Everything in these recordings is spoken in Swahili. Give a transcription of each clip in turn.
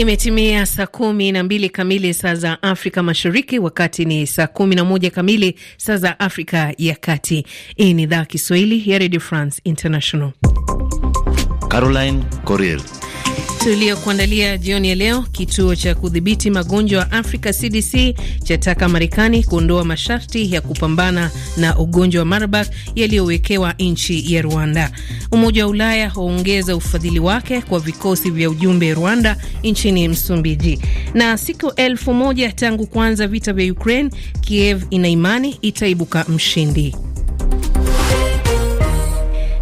Imetimia saa kumi na mbili kamili saa za Afrika Mashariki, wakati ni saa kumi na moja kamili saa za Afrika ya Kati. Hii ni idhaa Kiswahili ya Radio France International. Caroline Corrier tuliyokuandalia jioni ya leo. Kituo cha kudhibiti magonjwa Afrika CDC chataka Marekani kuondoa masharti ya kupambana na ugonjwa wa Marburg yaliyowekewa nchi ya Rwanda. Umoja wa Ulaya waongeza ufadhili wake kwa vikosi vya ujumbe Rwanda nchini Msumbiji. Na siku elfu moja tangu kuanza vita vya Ukraine, Kiev ina imani itaibuka mshindi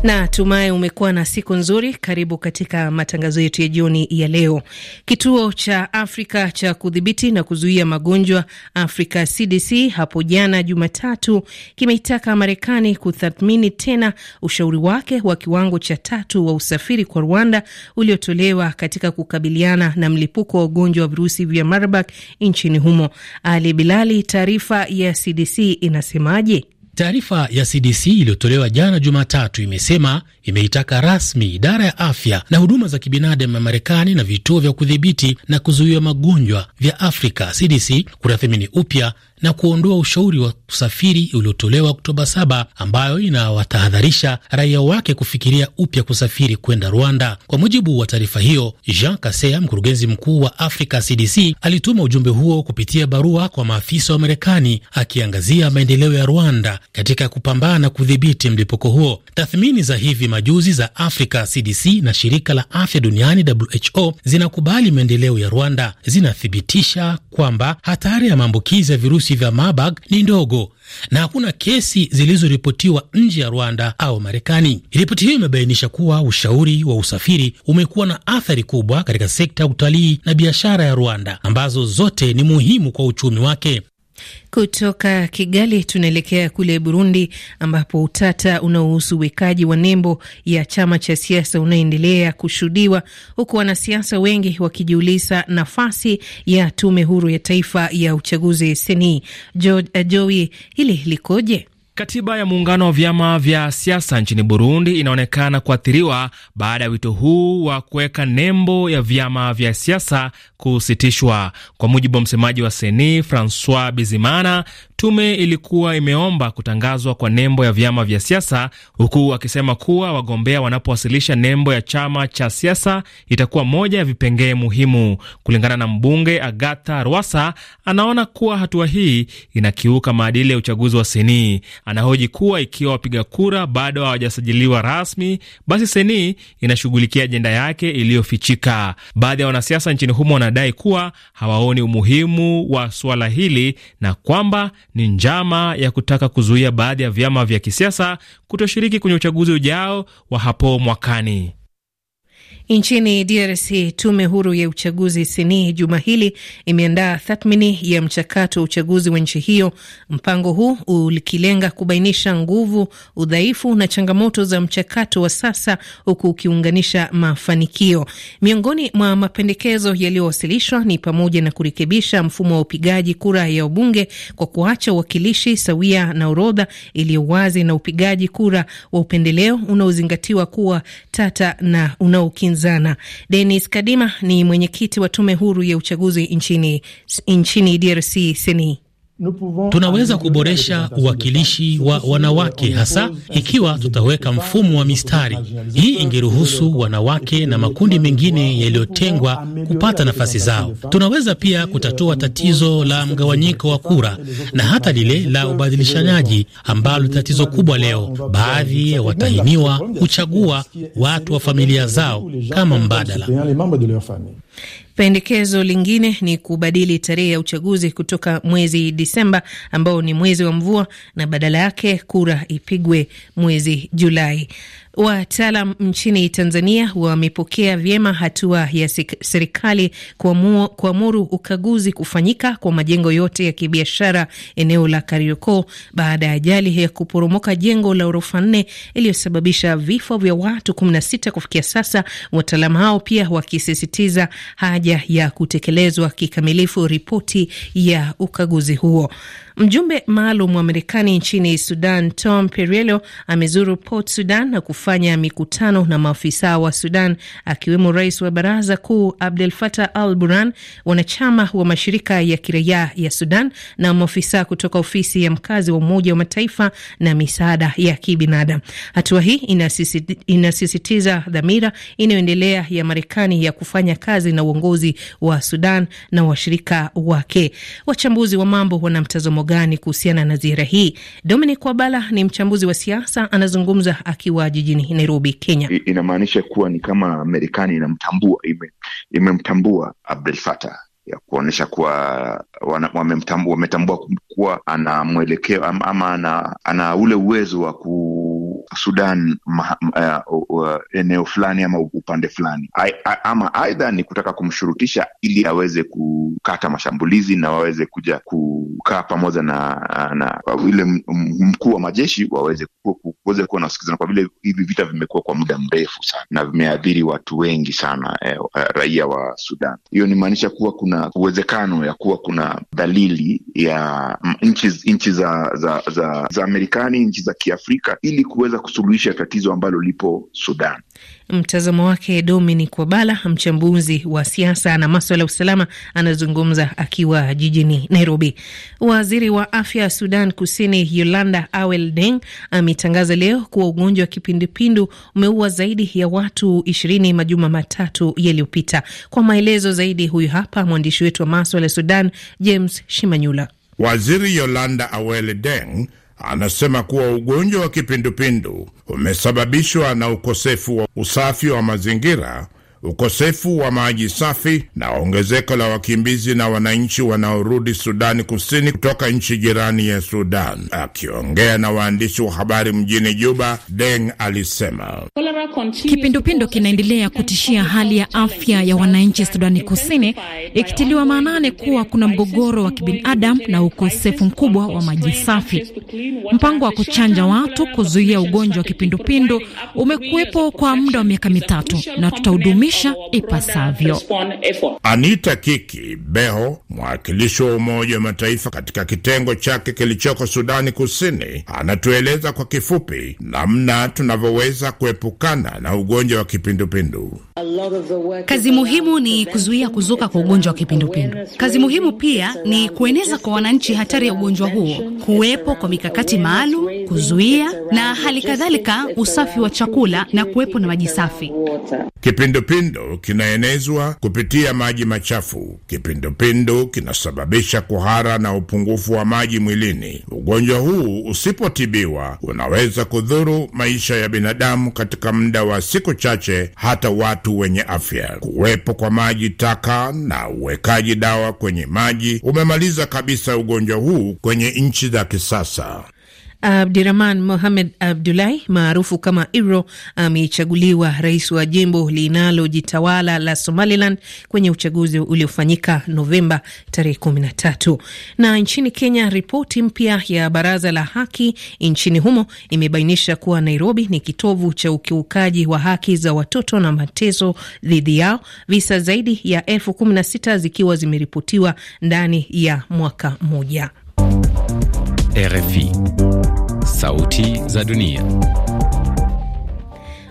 na tumaye umekuwa na siku nzuri. Karibu katika matangazo yetu ya jioni ya leo. Kituo cha Afrika cha kudhibiti na kuzuia magonjwa Afrika CDC hapo jana Jumatatu kimeitaka Marekani kutathmini tena ushauri wake wa kiwango cha tatu wa usafiri kwa Rwanda uliotolewa katika kukabiliana na mlipuko wa ugonjwa wa virusi vya Marburg nchini humo. Ali Bilali, taarifa ya CDC inasemaje? Taarifa ya CDC iliyotolewa jana Jumatatu imesema imeitaka rasmi idara ya afya na huduma za kibinadamu ya Marekani na vituo vya kudhibiti na kuzuia magonjwa vya Afrika CDC kutathmini upya na kuondoa ushauri wa kusafiri uliotolewa Oktoba 7 ambayo inawatahadharisha raia wake kufikiria upya kusafiri kwenda Rwanda. Kwa mujibu wa taarifa hiyo, Jean Kaseya, mkurugenzi mkuu wa Africa CDC, alituma ujumbe huo kupitia barua kwa maafisa wa Marekani akiangazia maendeleo ya Rwanda katika kupambana na kudhibiti mlipuko huo. Tathmini za hivi majuzi za Africa CDC na shirika la afya duniani WHO zinakubali maendeleo ya Rwanda, zinathibitisha kwamba hatari ya maambukizi ya virusi virusi vya Marburg ni ndogo na hakuna kesi zilizoripotiwa nje ya Rwanda au Marekani. Ripoti hiyo imebainisha kuwa ushauri wa usafiri umekuwa na athari kubwa katika sekta ya utalii na biashara ya Rwanda ambazo zote ni muhimu kwa uchumi wake. Kutoka Kigali tunaelekea kule Burundi, ambapo utata unaohusu uwekaji wa nembo ya chama cha siasa unaendelea kushuhudiwa, huku wanasiasa wengi wakijiuliza nafasi ya tume huru ya taifa ya uchaguzi seni. Eh, Joey, hili likoje? Katiba ya muungano wa vyama vya siasa nchini Burundi inaonekana kuathiriwa baada ya wito huu wa kuweka nembo ya vyama vya siasa kusitishwa. Kwa mujibu wa msemaji wa Seni Francois Bizimana, Tume ilikuwa imeomba kutangazwa kwa nembo ya vyama vya siasa, huku akisema kuwa wagombea wanapowasilisha nembo ya chama cha siasa itakuwa moja ya vipengee muhimu. Kulingana na mbunge Agatha Rwasa, anaona kuwa hatua hii inakiuka maadili ya uchaguzi wa Senii. Anahoji kuwa ikiwa wapiga kura bado hawajasajiliwa rasmi, basi seni inashughulikia ajenda yake iliyofichika. Baadhi ya wanasiasa nchini humo wanadai kuwa hawaoni umuhimu wa suala hili na kwamba ni njama ya kutaka kuzuia baadhi ya vyama vya kisiasa kutoshiriki kwenye uchaguzi ujao wa hapo mwakani. Nchini DRC, tume huru ya uchaguzi sini e juma hili imeandaa tathmini ya mchakato wa uchaguzi wa nchi hiyo, mpango huu ukilenga kubainisha nguvu, udhaifu na changamoto za mchakato wa sasa, huku ukiunganisha mafanikio. Miongoni mwa mapendekezo yaliyowasilishwa ni pamoja na kurekebisha mfumo wa upigaji kura ya ubunge kwa kuacha uwakilishi sawia na orodha iliyo wazi na upigaji kura wa upendeleo unaozingatiwa kuwa tata na unaokinza kuzungumzana. Denis Kadima ni mwenyekiti wa tume huru ya uchaguzi nchini, nchini DRC seni Tunaweza kuboresha uwakilishi wa wanawake hasa ikiwa tutaweka mfumo wa mistari. Hii ingeruhusu wanawake na makundi mengine yaliyotengwa kupata nafasi zao. Tunaweza pia kutatua tatizo la mgawanyiko wa kura na hata lile la ubadilishanaji ambalo ni tatizo kubwa leo. Baadhi ya watahiniwa huchagua watu wa familia zao kama mbadala. Pendekezo lingine ni kubadili tarehe ya uchaguzi kutoka mwezi Disemba ambao ni mwezi wa mvua na badala yake kura ipigwe mwezi Julai. Wataalam nchini Tanzania wamepokea vyema hatua ya serikali kuamuru ukaguzi kufanyika kwa majengo yote ya kibiashara eneo la karioko baada ya ajali ya kuporomoka jengo la ghorofa nne iliyosababisha vifo vya watu 16 kufikia sasa, wataalam hao pia wakisisitiza haja ya kutekelezwa kikamilifu ripoti ya ukaguzi huo. Mjumbe maalum wa Marekani nchini Sudan, Tom Perriello, amezuru Port Sudan na kufanya mikutano na maafisa wa Sudan, akiwemo rais wa baraza kuu Abdel Fattah al Burhan, wanachama wa mashirika ya kiraia ya Sudan na maafisa kutoka ofisi ya mkazi wa Umoja wa Mataifa na misaada ya kibinadamu. Hatua hii inasisitiza dhamira inayoendelea ya Marekani ya kufanya kazi na uongozi wa Sudan na washirika wake. Wachambuzi wa mambo wana mtazamo gani kuhusiana na ziara hii? Dominic Wabala ni mchambuzi wa siasa, anazungumza akiwa jijini Nairobi, Kenya. Inamaanisha kuwa ni kama Marekani inamtambua, imemtambua Abdel Fattah ya kuonyesha kuwa wametambua kuwa ana mwelekeo ama ana, ana ule uwezo wa ku Sudan ma, uh, eh, uh, eneo fulani ama upande fulani, ama aidha ni kutaka kumshurutisha ili aweze kukata mashambulizi na waweze kuja kukaa pamoja na, na ile mkuu wa majeshi waweze kuweze kuwa na usikizano, kwa vile hivi vita vimekuwa kwa muda mrefu sana na vimeathiri watu wengi sana eh, eh raia wa Sudan. Hiyo ni maanisha kuwa kuna uwezekano ya kuwa kuna dalili ya mm, nchi za za za, za Marekani, nchi za Kiafrika ili kuweza kuweza kusuluhisha tatizo ambalo lipo Sudan. Mtazamo wake Dominic Wabala, mchambuzi wa siasa na maswala ya usalama, anazungumza akiwa jijini Nairobi. Waziri wa afya ya Sudan Kusini Yolanda Awel Deng ametangaza leo kuwa ugonjwa wa kipindupindu umeua zaidi ya watu ishirini majuma matatu yaliyopita. Kwa maelezo zaidi, huyu hapa mwandishi wetu wa maswala ya Sudan James Shimanyula. Waziri Yolanda Awel Deng anasema kuwa ugonjwa wa kipindupindu umesababishwa na ukosefu wa usafi wa mazingira ukosefu wa maji safi na ongezeko la wakimbizi na wananchi wanaorudi Sudani Kusini kutoka nchi jirani ya Sudan. Akiongea na waandishi wa habari mjini Juba, Deng alisema kipindupindu kinaendelea kutishia hali ya afya ya wananchi Sudani Kusini, ikitiliwa maanane kuwa kuna mgogoro wa kibinadamu na ukosefu mkubwa wa maji safi. Mpango wa kuchanja watu kuzuia ugonjwa wa kipindupindu umekuwepo kwa muda wa miaka mitatu na tutahudumia kustawisha ipasavyo. Anita Kiki Beho, mwakilishi wa Umoja wa Mataifa katika kitengo chake kilichoko Sudani Kusini, anatueleza kwa kifupi namna tunavyoweza kuepukana na ugonjwa wa kipindupindu. Kazi muhimu ni kuzuia kuzuka kwa ugonjwa wa kipindupindu. Kazi muhimu pia ni kueneza kwa wananchi hatari ya ugonjwa huo, kuwepo kwa mikakati maalum kuzuia na hali kadhalika usafi wa chakula na kuwepo na maji safi. Kipindupindu kinaenezwa kupitia maji machafu. Kipindupindu kinasababisha kuhara na upungufu wa maji mwilini. Ugonjwa huu usipotibiwa, unaweza kudhuru maisha ya binadamu katika muda wa siku chache, hata watu wenye afya. Kuwepo kwa maji taka na uwekaji dawa kwenye maji umemaliza kabisa ugonjwa huu kwenye nchi za kisasa. Uh, abdirahman Mohamed abdulahi maarufu kama iro amechaguliwa rais wa jimbo linalojitawala la Somaliland kwenye uchaguzi uliofanyika Novemba tarehe kumi na tatu. Na nchini Kenya, ripoti mpya ya baraza la haki nchini humo imebainisha kuwa Nairobi ni kitovu cha ukiukaji wa haki za watoto na mateso dhidi yao, visa zaidi ya elfu kumi na sita zikiwa zimeripotiwa ndani ya mwaka mmoja. RFI Sauti za Dunia.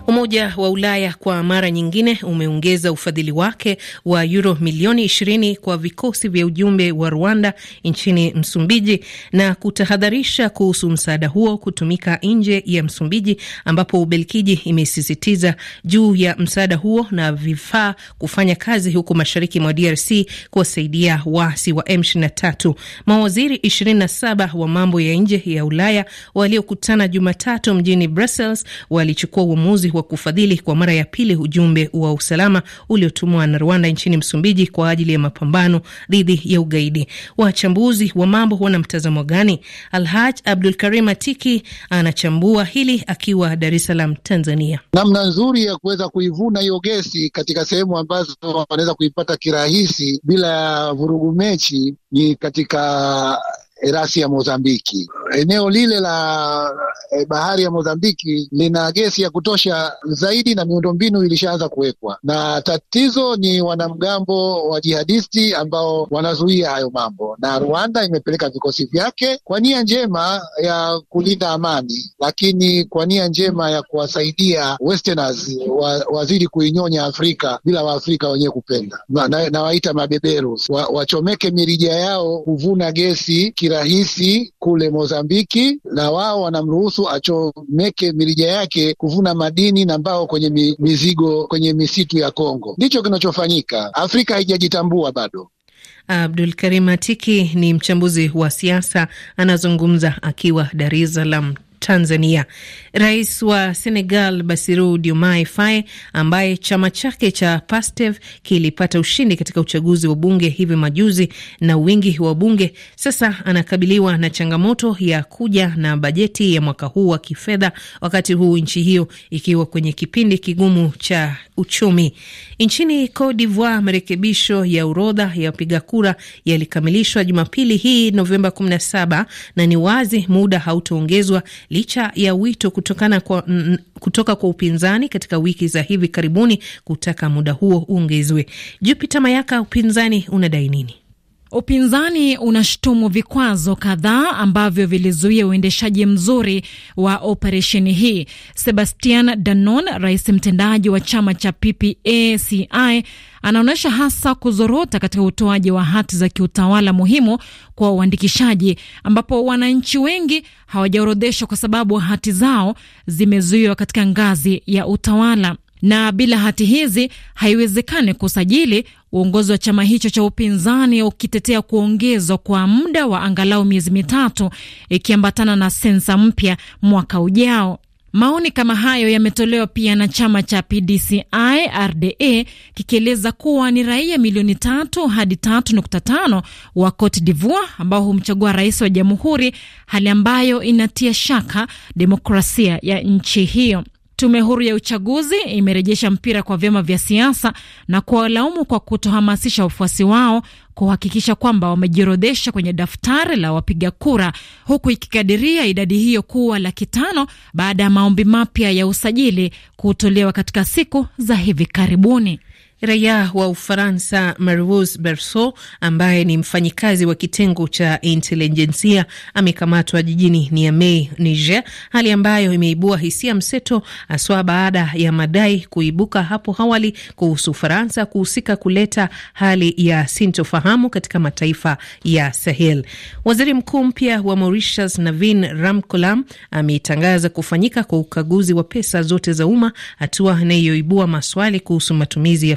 Umoja wa Ulaya kwa mara nyingine umeongeza ufadhili wake wa yuro milioni 20 kwa vikosi vya ujumbe wa Rwanda nchini Msumbiji na kutahadharisha kuhusu msaada huo kutumika nje ya Msumbiji, ambapo ubelkiji imesisitiza juu ya msaada huo na vifaa kufanya kazi huko mashariki mwa DRC kuwasaidia waasi wa M23. Mawaziri 27 wa mambo ya nje ya Ulaya waliokutana Jumatatu mjini Brussels walichukua uamuzi wa kufadhili kwa mara ya pili ujumbe wa usalama uliotumwa na Rwanda nchini Msumbiji kwa ajili ya mapambano dhidi ya ugaidi. Wachambuzi wa mambo wana mtazamo gani? Alhaj Abdul Karim Atiki anachambua hili akiwa Dar es Salaam, Tanzania. Namna nzuri ya kuweza kuivuna hiyo gesi katika sehemu ambazo wanaweza kuipata kirahisi bila ya vurugu mechi ni katika rasi ya Mozambiki. Eneo lile la e, bahari ya Mozambiki lina gesi ya kutosha zaidi na miundombinu ilishaanza kuwekwa, na tatizo ni wanamgambo wa jihadisti ambao wanazuia hayo mambo, na Rwanda imepeleka vikosi vyake kwa nia njema ya kulinda amani, lakini kwa nia njema ya kuwasaidia westerners wa, wazidi kuinyonya Afrika bila Waafrika wenyewe kupenda, nawaita na, na mabeberu wachomeke wa mirija yao kuvuna gesi kirahisi kule Mozambiki, na wao wanamruhusu achomeke mirija yake kuvuna madini na mbao kwenye mizigo kwenye misitu ya Kongo. Ndicho kinachofanyika. Afrika haijajitambua bado. Abdul Karim Atiki ni mchambuzi wa siasa, anazungumza akiwa Dar es Salaam, Tanzania. Rais wa Senegal Bassirou Diomaye Faye, ambaye chama chake cha PASTEF kilipata ushindi katika uchaguzi wa bunge hivi majuzi na wingi wa bunge, sasa anakabiliwa na changamoto ya kuja na bajeti ya mwaka huu wa kifedha, wakati huu nchi hiyo ikiwa kwenye kipindi kigumu cha uchumi. Nchini Cote d'Ivoire, marekebisho ya orodha ya wapiga kura yalikamilishwa Jumapili hii Novemba 17 na ni wazi muda hautaongezwa licha ya wito kutokana kwa, n, kutoka kwa upinzani katika wiki za hivi karibuni kutaka muda huo uongezwe. jupita Mayaka, upinzani unadai nini? Upinzani unashutumu vikwazo kadhaa ambavyo vilizuia uendeshaji mzuri wa operesheni hii. Sebastian Danon, rais mtendaji wa chama cha PPACI, anaonyesha hasa kuzorota katika utoaji wa hati za kiutawala muhimu kwa uandikishaji, ambapo wananchi wengi hawajaorodheshwa kwa sababu hati zao zimezuiwa katika ngazi ya utawala na bila hati hizi haiwezekani kusajili. Uongozi wa chama hicho cha upinzani ukitetea kuongezwa kwa muda wa angalau miezi mitatu ikiambatana na sensa mpya mwaka ujao. Maoni kama hayo yametolewa pia na chama cha PDCI RDA kikieleza kuwa ni raia milioni tatu hadi tatu nukta tano wa Cote Divoir ambao humchagua rais wa jamhuri, hali ambayo inatia shaka demokrasia ya nchi hiyo. Tume huru ya uchaguzi imerejesha mpira kwa vyama vya siasa na kuwalaumu kwa kutohamasisha wafuasi wao kuhakikisha kwamba wamejiorodhesha kwenye daftari la wapiga kura, huku ikikadiria idadi hiyo kuwa laki tano baada ya maombi mapya ya usajili kutolewa katika siku za hivi karibuni. Raia wa Ufaransa marius Berso ambaye ni mfanyikazi wa kitengo cha intelijensia amekamatwa jijini Niamey, Niger, hali ambayo imeibua hisia mseto, haswa baada ya madai kuibuka hapo awali kuhusu Ufaransa kuhusika kuleta hali ya sintofahamu katika mataifa ya Sahel. Waziri mkuu mpya wa Mauritius Navin Ramkolam ametangaza kufanyika kwa ukaguzi wa pesa zote za umma, hatua inayoibua maswali kuhusu matumizi ya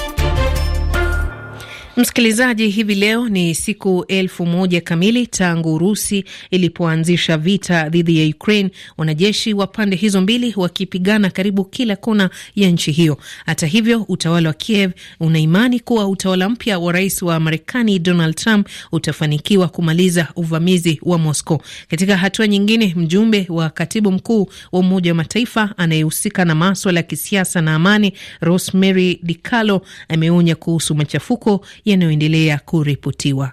Msikilizaji, hivi leo ni siku elfu moja kamili tangu Urusi ilipoanzisha vita dhidi ya Ukraine, wanajeshi wa pande hizo mbili wakipigana karibu kila kona ya nchi hiyo. Hata hivyo, utawala wa Kiev unaimani kuwa utawala mpya wa rais wa Marekani Donald Trump utafanikiwa kumaliza uvamizi wa Moscow. Katika hatua nyingine, mjumbe wa katibu mkuu wa Umoja wa Mataifa anayehusika na maswala ya kisiasa na amani Rosemary DiCarlo ameonya kuhusu machafuko yanayoendelea kuripotiwa.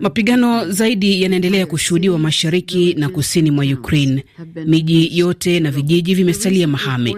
Mapigano zaidi yanaendelea kushuhudiwa mashariki na kusini mwa Ukraine. Miji yote na vijiji vimesalia mahame.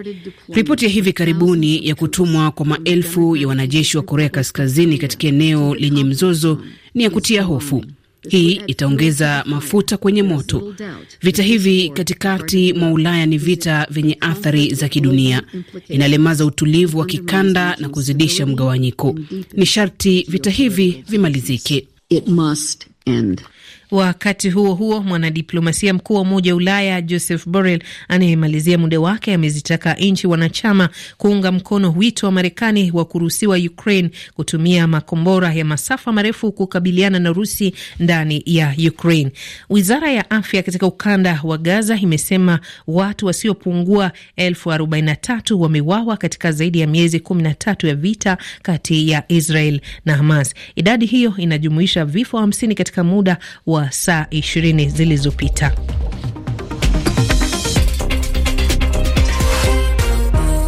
Ripoti ya hivi karibuni ya kutumwa kwa maelfu ya wanajeshi wa Korea Kaskazini katika eneo lenye mzozo ni ya kutia hofu. Hii itaongeza mafuta kwenye moto. Vita hivi katikati mwa Ulaya ni vita vyenye athari za kidunia, inalemaza utulivu wa kikanda na kuzidisha mgawanyiko. Ni sharti vita hivi vimalizike. It must end. Wakati huo huo, mwanadiplomasia mkuu wa Umoja wa Ulaya Joseph Borrell anayemalizia muda wake amezitaka nchi wanachama kuunga mkono wito wa Marekani wa kuruhusiwa Ukraine kutumia makombora ya masafa marefu kukabiliana na Urusi ndani ya Ukraine. Wizara ya afya katika ukanda wa Gaza imesema watu wasiopungua elfu arobaini na tatu wamewawa katika zaidi ya miezi kumi na tatu ya vita kati ya Israel na Hamas. Idadi hiyo inajumuisha vifo hamsini katika muda wa saa 20 zilizopita.